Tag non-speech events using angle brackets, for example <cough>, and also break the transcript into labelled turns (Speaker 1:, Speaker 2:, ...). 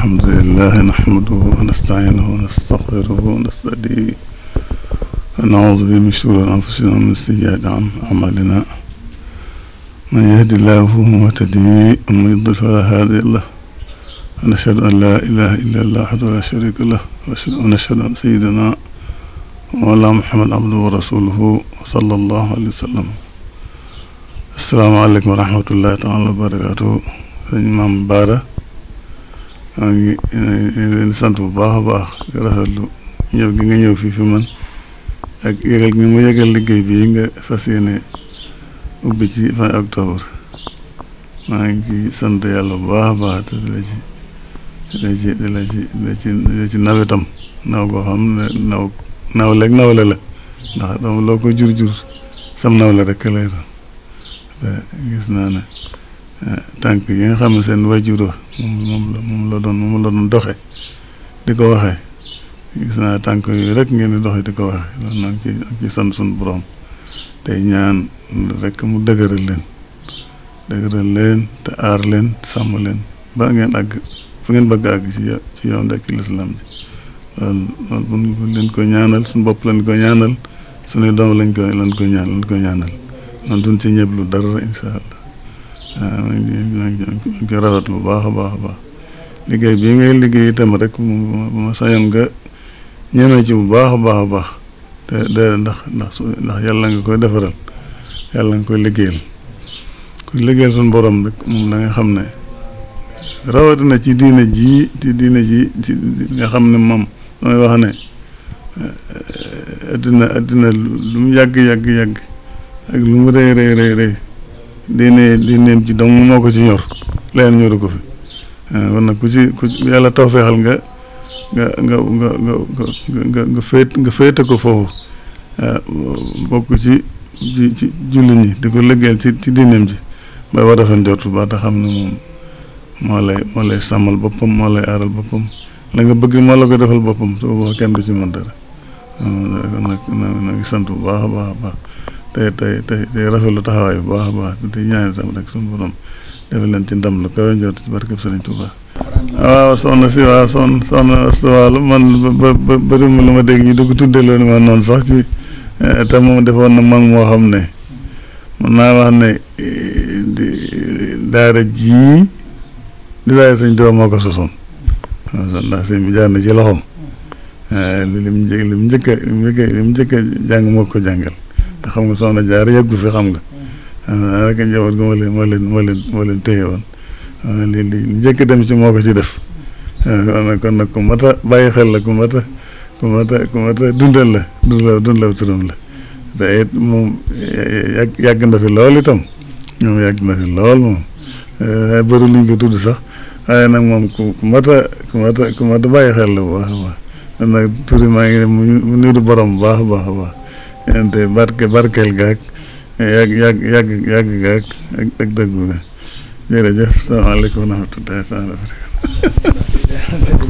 Speaker 1: الحمد لله نحمده ونستعينه ونستغفره ونستهديه ونعوذ به من شرور أنفسنا ومن سيئات أعمالنا من يهد الله فهو مهتدي ومن يضل فلا هادي له ونشهد أن لا إله إلا الله وحده لا شريك له ونشهد أن سيدنا مولانا محمد عبده ورسوله صلى الله عليه وسلم السلام عليكم ورحمة الله تعالى وبركاته سيدنا مبارك maa ngi leen sant bu baax a baax rafetlu ñëw gi ngi ñëw fii fi man ak yëgal gi ma yëgal liggéey bii nga fas ne ubbi ci fin octobre maa ngi ci sant yàlla bu baax a baax te di la ci di la ci di la ci di la ci nawetam naw goo naw naw leeg nawle la ndax jur jur sam nawle rek lay doon gis naa ne tànk yi nga xam ne seen wajuro moom la moom la doon moom la doon doxe di ko waxee gis naa tànk yooyu rek ngeen di doxe di ko waxee loolu nag ci son sant suñu borom tey ñaan rek mu dëgëral leen dëgëral leen te aar leen sàmm leen ba ngeen àgg fu ngeen bëgg àgg ci ci yoon rek ci lislaam ji leen ko ñaanal suñu bopp lañ ko ñaanal suñuy doom lañ ko lañ ko ñaan lañ ko ñaanal noonu duñ ci ñëpp lu dara incha allah ko rafetlu bu baax a baax a baax liggéey bii ngay liggéey itam rek ma sañoon nga ñemee ci bu baax a baax a baax te de ndax ndax ndax yàlla nga koy defaral yàlla nga koy liggéeyal ku liggéeyal suñu borom rek moom da xam ne rawatina ci diine ji ci diine ji ci nga xam ne moom damay wax ne eh, eh, addina addina lu yàgg yàgg yàgg ak lu mu rëy rëy rëy diine diineem ci dong moo ko ci ñor leen ñoru ko fi eh, kon nag ku ci ku yàlla tawfeexal nga nga nga nga nga nga féet nga féete ko foofu eh, bokk ci ci ci julli ñi di ko liggéeyal ci ci diineem ji ba war a fen jot ba xam ne moom moo lay moo lay sàmmal boppam moo lay aaral boppam la nga bëgg moo la ko defal boppam su boobaa kenn du ci mën dara eh, kon nag na sant bu baax baax baax te te te te rafetlu taxawaay bu baax a baax te ñaan tam rek suñu borom defal leen ci ndam lu kawe njort barkeb Sëriñ Tuuba. waaw soxna si waaw soxna soxna si waaw man ba ba ba lu ma dégg ñu di ko tuddee loolu ma noonu ci eh, defoon na mag moo xam ne mën naa wax ne daara jii di daara suñ doom moo ko ci loxoom eh, li mu li mu njëkk a li mu njëkk a jàng moo ko jàngal. xam nga soxna jaar yeggu fi xam nga daanaka mm-hmm. ah, njaboot gi moo leen dem ci moo ko ci def ah, kon nag ku mat bàyyi xel la ku mat a ku mat a ku a dundal la dundal dundal turam la te it moom yàgg yàgg fi lool itam moom yàgg na fi lool moom ah, bëri luñ ko tudd sax waaye nag moom ku ku mat a ku mat ku mat bàyyi xel la bu baax baax nag turi maa ngi mu niru borom bu baax baax a baax te barke barkeel gaag yàgg yàgg yàgg yàgg gaag ak ak dëggu ga jërëjëf salaamaaleykum wa rahmatulah <laughs>